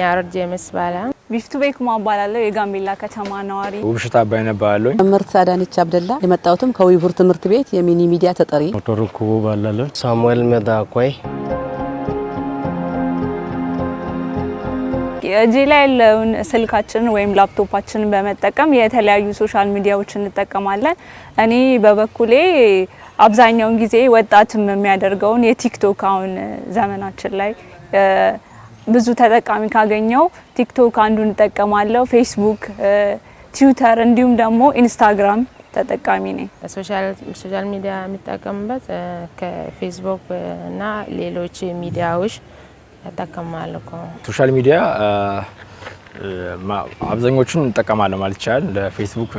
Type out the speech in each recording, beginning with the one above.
ያሮድ ጄምስ ባላ ቢፍቱ ቤኩማ እባላለሁ። የጋምቤላ ከተማ ነዋሪ። ውብሽታ አባይነ እባላለሁ። ምርት አዳነች አብደላ። የመጣሁትም ከዊቡር ትምህርት ቤት የሚኒ ሚዲያ ተጠሪ ዶክተር ኩቡ እባላለሁ። ሳሙኤል መዳኳይ እጄ ላይ ያለውን ስልካችን ወይም ላፕቶፓችን በመጠቀም የተለያዩ ሶሻል ሚዲያዎች እንጠቀማለን። እኔ በበኩሌ አብዛኛውን ጊዜ ወጣትም የሚያደርገውን የቲክቶክ አሁን ዘመናችን ላይ ብዙ ተጠቃሚ ካገኘው ቲክቶክ አንዱን እጠቀማለሁ፣ ፌስቡክ፣ ትዊተር እንዲሁም ደግሞ ኢንስታግራም ተጠቃሚ ነኝ። ሶሻል ሚዲያ የሚጠቀምበት ከፌስቡክ እና ሌሎች ሚዲያዎች እጠቀማለሁ። ሶሻል ሚዲያ አብዛኞቹን እንጠቀማለሁ ማለት ይቻላል። ለፌስቡክ፣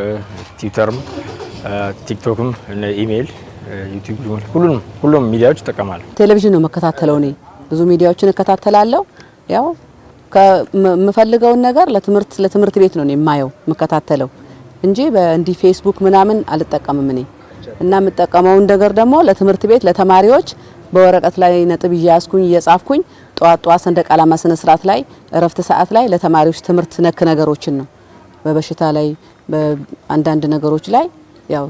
ትዊተርም፣ ቲክቶክም፣ ኢሜይል፣ ዩቲዩብ፣ ሁሉንም ሁሉም ሚዲያዎች እጠቀማለሁ። ቴሌቪዥን ነው መከታተለው እኔ ብዙ ሚዲያዎችን እከታተላለሁ። ያው ከምፈልገውን ነገር ለትምህርት ለትምህርት ቤት ነው የማየው የምከታተለው እንጂ በእንዲህ ፌስቡክ ምናምን አልጠቀምም እኔ እና የምጠቀመውን ነገር ደግሞ ለትምህርት ቤት ለተማሪዎች በወረቀት ላይ ነጥብ እያያዝኩኝ እየጻፍኩኝ ጠዋት ጠዋት ሰንደቅ ዓላማ ስነ ስርዓት ላይ እረፍት ሰዓት ላይ ለተማሪዎች ትምህርት ነክ ነገሮችን ነው በበሽታ ላይ በአንዳንድ ነገሮች ላይ ያው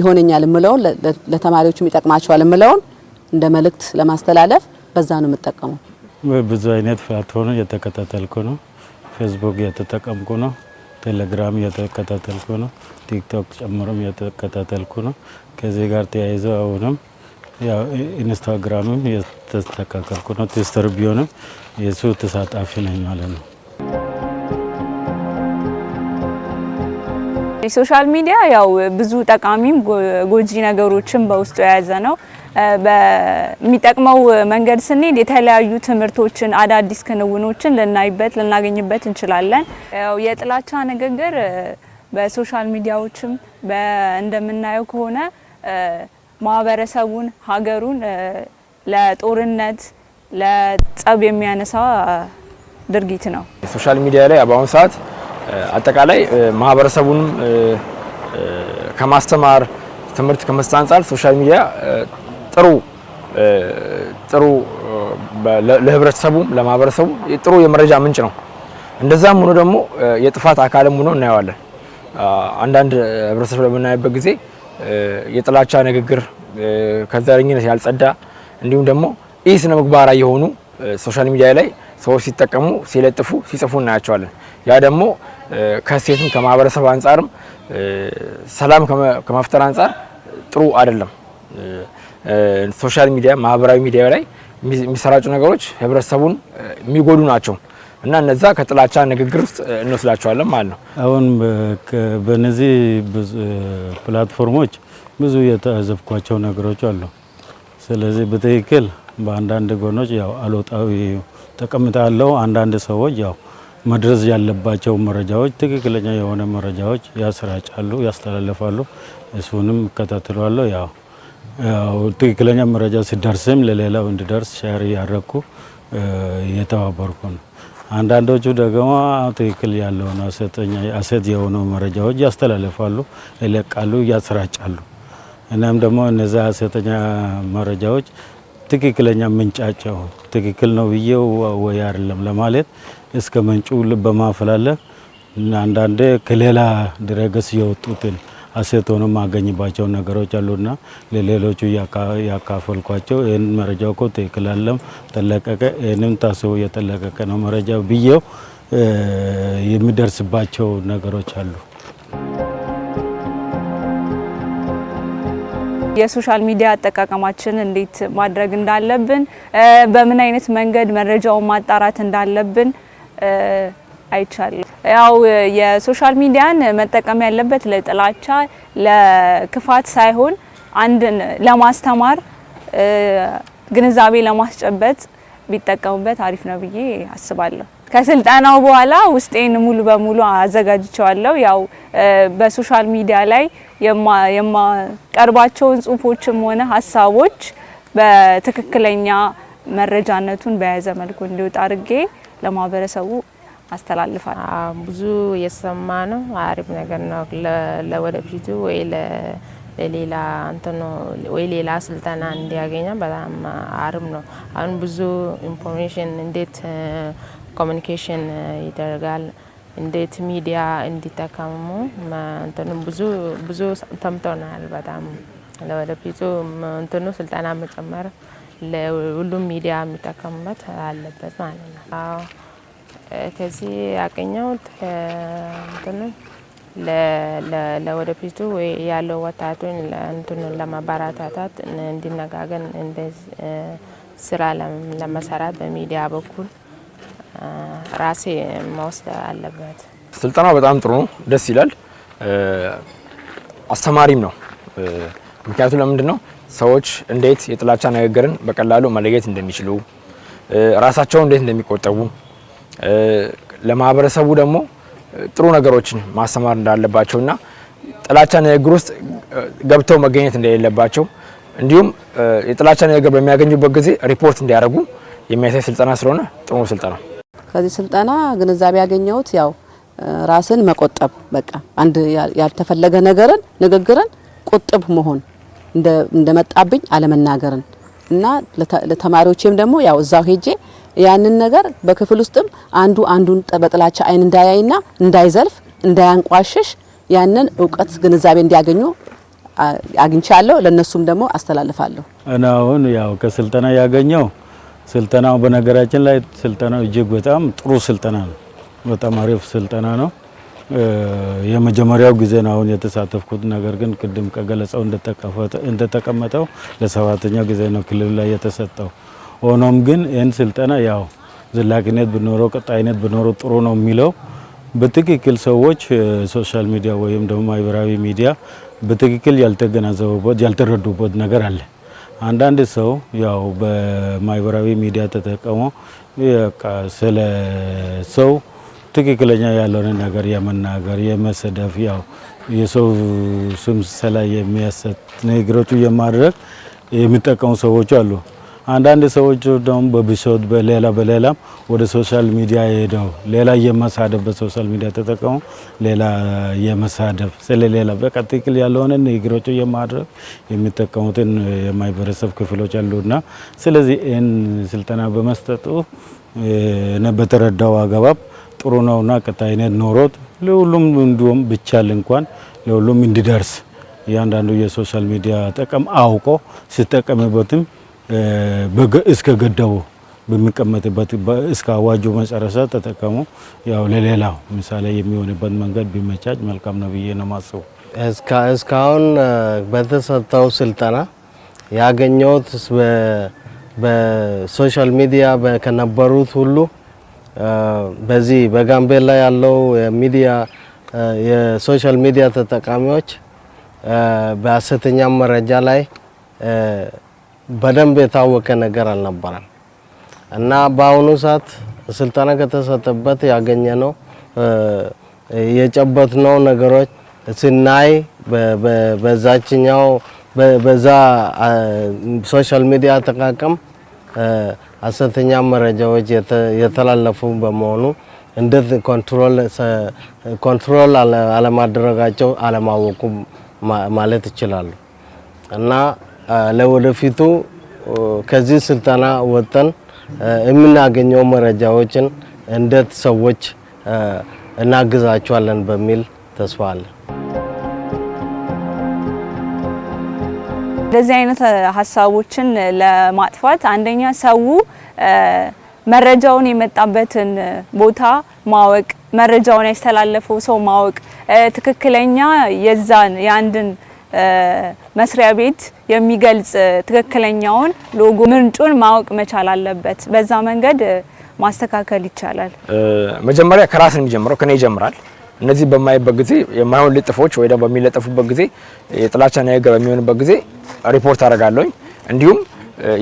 ይሆነኛል የምለውን ለተማሪዎችም ይጠቅማቸዋል የምለውን እንደ መልእክት ለማስተላለፍ በዛ ነው የምጠቀመው። ብዙ አይነት ፕላትፎርም እየተከታተልኩ ነው። ፌስቡክ እየተጠቀምኩ ነው። ቴሌግራም እየተከታተልኩ ነው። ቲክቶክ ጨምሮም እየተከታተልኩ ነው። ከዚህ ጋር ተያይዘው አሁንም ኢንስታግራምም እየተስተካከልኩ ነው። ትዊስተር ቢሆንም የሱ ተሳታፊ ነኝ ማለት ነው። ሶሻል ሚዲያ ያው ብዙ ጠቃሚም ጎጂ ነገሮችን በውስጡ የያዘ ነው። በሚጠቅመው መንገድ ስንሄድ የተለያዩ ትምህርቶችን አዳዲስ ክንውኖችን ልናይበት ልናገኝበት እንችላለን። ያው የጥላቻ ንግግር በሶሻል ሚዲያዎችም እንደምናየው ከሆነ ማህበረሰቡን፣ ሀገሩን ለጦርነት ለጸብ የሚያነሳ ድርጊት ነው። ሶሻል ሚዲያ ላይ በአሁኑ ሰዓት አጠቃላይ ማህበረሰቡን ከማስተማር ትምህርት ከመስጠት አንጻር ሶሻል ሚዲያ ጥሩ ጥሩ ለህብረተሰቡም ለማህበረሰቡ ጥሩ የመረጃ ምንጭ ነው። እንደዛም ሆኖ ደግሞ የጥፋት አካልም ሆኖ እናየዋለን። አንዳንድ ህብረተሰብ በምናይበት ጊዜ የጥላቻ ንግግር ከዘረኝነት ያልጸዳ እንዲሁም ደግሞ ይህ ስነ ምግባራ የሆኑ ሶሻል ሚዲያ ላይ ሰዎች ሲጠቀሙ ሲለጥፉ ሲጽፉ እናያቸዋለን። ያ ደግሞ ከሴትም ከማህበረሰብ አንጻርም ሰላም ከመፍጠር አንጻር ጥሩ አይደለም። ሶሻል ሚዲያ ማህበራዊ ሚዲያ ላይ የሚሰራጩ ነገሮች ህብረተሰቡን የሚጎዱ ናቸው እና እነዛ ከጥላቻ ንግግር ውስጥ እንወስዳቸዋለን ማለት ነው። አሁን በነዚህ ፕላትፎርሞች ብዙ የታዘብኳቸው ነገሮች አሉ። ስለዚህ በትክክል በአንዳንድ ጎኖች ያው አሎጣዊ ጠቀምታ ያለው አንዳንድ ሰዎች ያው መድረስ ያለባቸው መረጃዎች ትክክለኛ የሆነ መረጃዎች ያሰራጫሉ፣ ያስተላልፋሉ። እሱንም እከታተላለሁ ያው ትክክለኛ መረጃ ሲደርስም ለሌላው እንዲደርስ ሸር እያደረኩ እየተባበርኩ ነው። አንዳንዶቹ ደግሞ ትክክል ያለውን አሰት የሆኑ መረጃዎች ያስተላልፋሉ፣ ይለቃሉ፣ ያሰራጫሉ። እናም ደግሞ እነዚ አሰተኛ መረጃዎች ትክክለኛ ምንጫቸው ትክክል ነው ብዬ ወይ አይደለም ለማለት እስከ ምንጩ በማፈላለግ አንዳንዴ ከሌላ ድረገጽ የወጡትን አሴት ሆኖ የማገኝባቸው ነገሮች አሉና ለሌሎቹ ያካፈልኳቸው ይህን መረጃው እኮ ትክክል አለም ተለቀቀ፣ ይህንም ታስቦ የተለቀቀ ነው መረጃው ብዬው የሚደርስባቸው ነገሮች አሉ። የሶሻል ሚዲያ አጠቃቀማችን እንዴት ማድረግ እንዳለብን፣ በምን አይነት መንገድ መረጃውን ማጣራት እንዳለብን አይቻልም። ያው የሶሻል ሚዲያን መጠቀም ያለበት ለጥላቻ ለክፋት ሳይሆን አንድን ለማስተማር ግንዛቤ ለማስጨበጥ ቢጠቀሙበት አሪፍ ነው ብዬ አስባለሁ። ከስልጠናው በኋላ ውስጤን ሙሉ በሙሉ አዘጋጅቸዋለሁ። ያው በሶሻል ሚዲያ ላይ የማቀርባቸውን ጽሁፎችም ሆነ ሀሳቦች በትክክለኛ መረጃነቱን በያዘ መልኩ እንዲወጣ አድርጌ ለማህበረሰቡ አስተላልፋል። ብዙ የሰማ ነው። አሪፍ ነገር ነው። ለወደፊቱ ወይ ለሌላ እንትኑ ወይ ሌላ ስልጠና እንዲያገኛ በጣም አሪፍ ነው። አሁን ብዙ ኢንፎርሜሽን እንዴት ኮሚኒኬሽን ይደርጋል እንዴት ሚዲያ እንዲጠቀሙ እንትኑ ብዙ ብዙ ተምተናል። በጣም ለወደፊቱ እንትኑ ስልጠና መጨመር ለሁሉም ሚዲያ የሚጠቀሙበት አለበት ማለት ነው። ከዚህ ያገኘሁት ለወደፊቱ ያለው ወጣቱን እንትኑን ለማበረታታት እንደ ስራ ለመሰራት በሚዲያ በኩል ራሴ መወስድ አለበት። ስልጠናው በጣም ጥሩ ነው፣ ደስ ይላል፣ አስተማሪም ነው። ምክንያቱም ለምንድን ነው ሰዎች እንዴት የጥላቻ ንግግርን በቀላሉ መለየት እንደሚችሉ ራሳቸውን እንዴት እንደሚቆጠቡ ለማህበረሰቡ ደግሞ ጥሩ ነገሮችን ማስተማር እንዳለባቸውና ጥላቻ ንግግር ውስጥ ገብተው መገኘት እንደሌለባቸው እንዲሁም የጥላቻ ንግግር በሚያገኙበት ጊዜ ሪፖርት እንዲያደርጉ የሚያሳይ ስልጠና ስለሆነ ጥሩ ስልጠና። ከዚህ ስልጠና ግንዛቤ ያገኘሁት ያው ራስን መቆጠብ በቃ አንድ ያልተፈለገ ነገርን ንግግርን ቁጥብ መሆን እንደመጣብኝ አለመናገርን እና ለተማሪዎችም ደግሞ ያው እዛው ሄጄ ያንን ነገር በክፍል ውስጥም አንዱ አንዱን በጥላቻ አይን እንዳያይና እንዳይዘልፍ እንዳያንቋሽሽ ያንን እውቀት ግንዛቤ እንዲያገኙ አግኝቻለሁ። ለነሱም ደግሞ አስተላልፋለሁ። እና አሁን ያው ከስልጠና ያገኘው ስልጠናው በነገራችን ላይ ስልጠናው እጅግ በጣም ጥሩ ስልጠና ነው። በጣም አሪፍ ስልጠና ነው። የመጀመሪያው ጊዜ ነው አሁን የተሳተፍኩት። ነገር ግን ቅድም ከገለጸው እንደተቀመጠው ለሰባተኛው ጊዜ ነው ክልል ላይ የተሰጠው። ሆኖም ግን ይህን ስልጠና ያው ዘላቂነት ብኖረው ቀጣይነት ብኖረው ጥሩ ነው የሚለው በትክክል ሰዎች ሶሻል ሚዲያ ወይም ደግሞ ማህበራዊ ሚዲያ በትክክል ያልተገናዘቡበት ያልተረዱበት ነገር አለ። አንዳንድ ሰው ያው በማህበራዊ ሚዲያ ተጠቀሞ ስለ ሰው ትክክለኛ ያልሆነ ነገር የመናገር የመሰደፍ፣ ያው የሰው ስም ስላ የሚያሰጥ ንግግሮቹ የማድረግ የሚጠቀሙ ሰዎች አሉ። አንዳንድ ሰዎች ደግሞ በብሶት በሌላ በሌላም ወደ ሶሻል ሚዲያ ሄደው ሌላ የመሳደብ በሶሻል ሚዲያ ተጠቀሙ ሌላ የመሳደብ ስለሌላ በቃ ትክክል ያልሆነ ንግግሮች የማድረግ የሚጠቀሙትን የማህበረሰብ ክፍሎች አሉና ስለዚህ ይህን ስልጠና በመስጠቱ በተረዳው አገባብ ጥሩ ነውና ቀጣይነት ኖሮት ለሁሉም እንዲሁም ብቻል እንኳን ለሁሉም እንዲደርስ እያንዳንዱ የሶሻል ሚዲያ ጥቅም አውቆ ሲጠቀምበትም እስከ ገደቡ በሚቀመጥበት እስከ አዋጁ መጨረሻ ተጠቀሙ። ያው ለሌላው ምሳሌ የሚሆንበት መንገድ ቢመቻች መልካም ነው ብዬ ነው ማስቡ። እስካሁን በተሰጠው ስልጠና ያገኘሁት በሶሻል ሚዲያ ከነበሩት ሁሉ በዚህ በጋምቤላ ያለው የሚዲያ የሶሻል ሚዲያ ተጠቃሚዎች በሀሰተኛ መረጃ ላይ በደንብ የታወቀ ነገር አልነበረም እና በአሁኑ ሰዓት ስልጠና ከተሰጠበት ያገኘ ያገኘነው የጨበጥነው ነገሮች ስናይ በዛችኛው በዛ ሶሻል ሚዲያ አጠቃቀም ሐሰተኛ መረጃዎች የተላለፉ በመሆኑ እንዴት ኮንትሮል አለማድረጋቸው አለማወቁ ማለት ይችላሉ እና ለወደፊቱ ከዚህ ስልጠና ወጥተን የምናገኘው መረጃዎችን እንዴት ሰዎች እናግዛቸዋለን በሚል ተስፋ አለን። እንደዚህ አይነት ሀሳቦችን ለማጥፋት አንደኛ ሰው መረጃውን የመጣበትን ቦታ ማወቅ፣ መረጃውን ያስተላለፈው ሰው ማወቅ፣ ትክክለኛ የዛን የአንድን መስሪያ ቤት የሚገልጽ ትክክለኛውን ሎጎ ምንጩን ማወቅ መቻል አለበት። በዛ መንገድ ማስተካከል ይቻላል። መጀመሪያ ከራስ የሚጀምረው ከኔ ይጀምራል። እነዚህ በማይበት ጊዜ የማይሆን ልጥፎች ወይ ደግሞ በሚለጥፉበት ጊዜ የጥላቻ ንግግር በሚሆንበት ጊዜ ሪፖርት አደርጋለሁኝ። እንዲሁም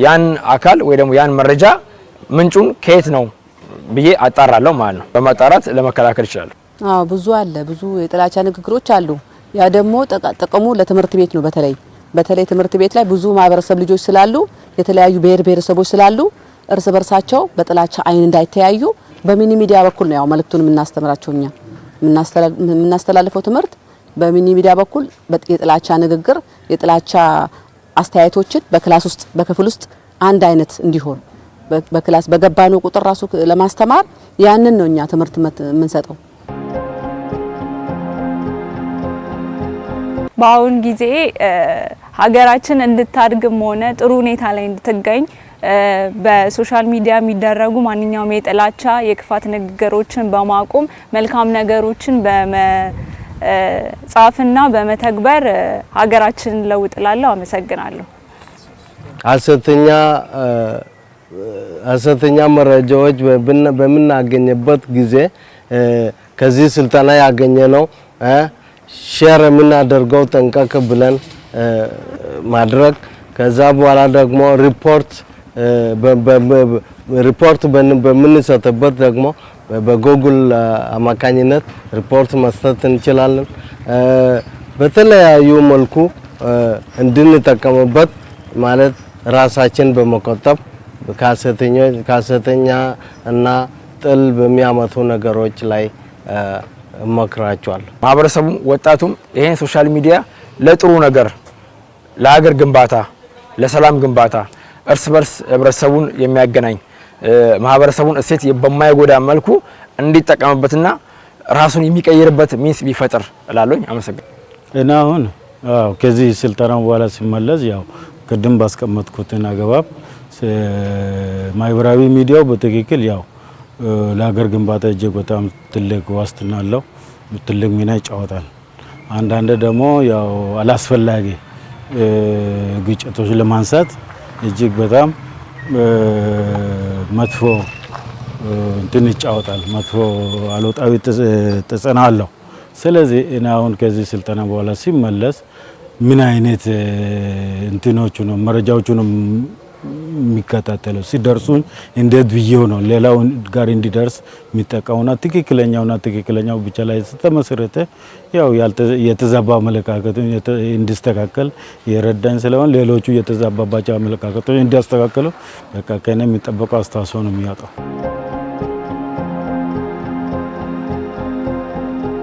ያን አካል ወይ ደግሞ ያን መረጃ ምንጩን ከየት ነው ብዬ አጣራለሁ ማለት ነው። በማጣራት ለመከላከል ይችላሉ። አዎ ብዙ አለ፣ ብዙ የጥላቻ ንግግሮች አሉ። ያ ደግሞ ጥቅሙ ለትምህርት ቤት ነው። በተለይ በተለይ ትምህርት ቤት ላይ ብዙ ማህበረሰብ ልጆች ስላሉ የተለያዩ ብሔር ብሔረሰቦች ስላሉ እርስ በርሳቸው በጥላቻ አይን እንዳይተያዩ በሚኒ ሚዲያ በኩል ነው ያው መልእክቱን የምናስተምራቸው እኛ የምናስተላልፈው ትምህርት በሚኒ ሚዲያ በኩል የጥላቻ ንግግር፣ የጥላቻ አስተያየቶችን በክላስ ውስጥ በክፍል ውስጥ አንድ አይነት እንዲሆን በክላስ በገባነው ቁጥር ራሱ ለማስተማር ያንን ነው እኛ ትምህርት የምንሰጠው። በአሁን ጊዜ ሀገራችን እንድታድግም ሆነ ጥሩ ሁኔታ ላይ እንድትገኝ በሶሻል ሚዲያ የሚደረጉ ማንኛውም የጥላቻ የክፋት ንግግሮችን በማቆም መልካም ነገሮችን በመጻፍና በመተግበር ሀገራችንን ለውጥላለሁ። አመሰግናለሁ። አሰተኛ መረጃዎች በምናገኝበት ጊዜ ከዚህ ስልጠና ያገኘ ነው ሼር የምናደርገው ጠንቀቅ ብለን ማድረግ ከዛ በኋላ ደግሞ ሪፖርት ሪፖርት በምንሰጥበት ደግሞ በጎግል አማካኝነት ሪፖርት መስጠት እንችላለን። በተለያዩ መልኩ እንድንጠቀምበት ማለት ራሳችን በመቆጠብ ካሰተኛ እና ጥል በሚያመቱ ነገሮች ላይ እመክራቸዋለሁ። ማህበረሰቡም ወጣቱም ይሄን ሶሻል ሚዲያ ለጥሩ ነገር፣ ለሀገር ግንባታ፣ ለሰላም ግንባታ እርስ በርስ ህብረተሰቡን የሚያገናኝ ማህበረሰቡን እሴት በማይጎዳ መልኩ እንዲጠቀምበትና ራሱን የሚቀይርበት ሚንስ ቢፈጥር እላለሁኝ። አመሰግናለሁ። እና አሁን ከዚህ ስልጠና በኋላ ሲመለስ ያው ቅድም ባስቀመጥኩትን አገባብ ማህበራዊ ሚዲያው በትክክል ያው ለሀገር ግንባታ እጅግ በጣም ትልቅ ዋስትና አለው። ትልቅ ሚና ይጫወታል። አንዳንድ ደግሞ ያው አላስፈላጊ ግጭቶች ለማንሳት እጅግ በጣም መጥፎ እንትን ይጫወታል። መጥፎ አሉታዊ ተጽዕኖ አለው። ስለዚህ እኔ አሁን ከዚህ ስልጠና በኋላ ሲመለስ ምን አይነት እንትኖቹ ነው መረጃዎቹ ነው የሚከታተለው ሲደርሱ እንዴት ብዬው ነው ሌላው ጋር እንዲደርስ የሚጠቀሙና ትክክለኛውና ትክክለኛው ብቻ ላይ ስተመሰረተ ያው የተዛባ አመለካከቱ እንዲስተካከል የረዳኝ ስለሆን ሌሎቹ የተዛባባቸው አመለካከቶች እንዲያስተካከሉ በቃ ከእኔ የሚጠበቀው አስተዋጽኦ ነው የሚያውጣው።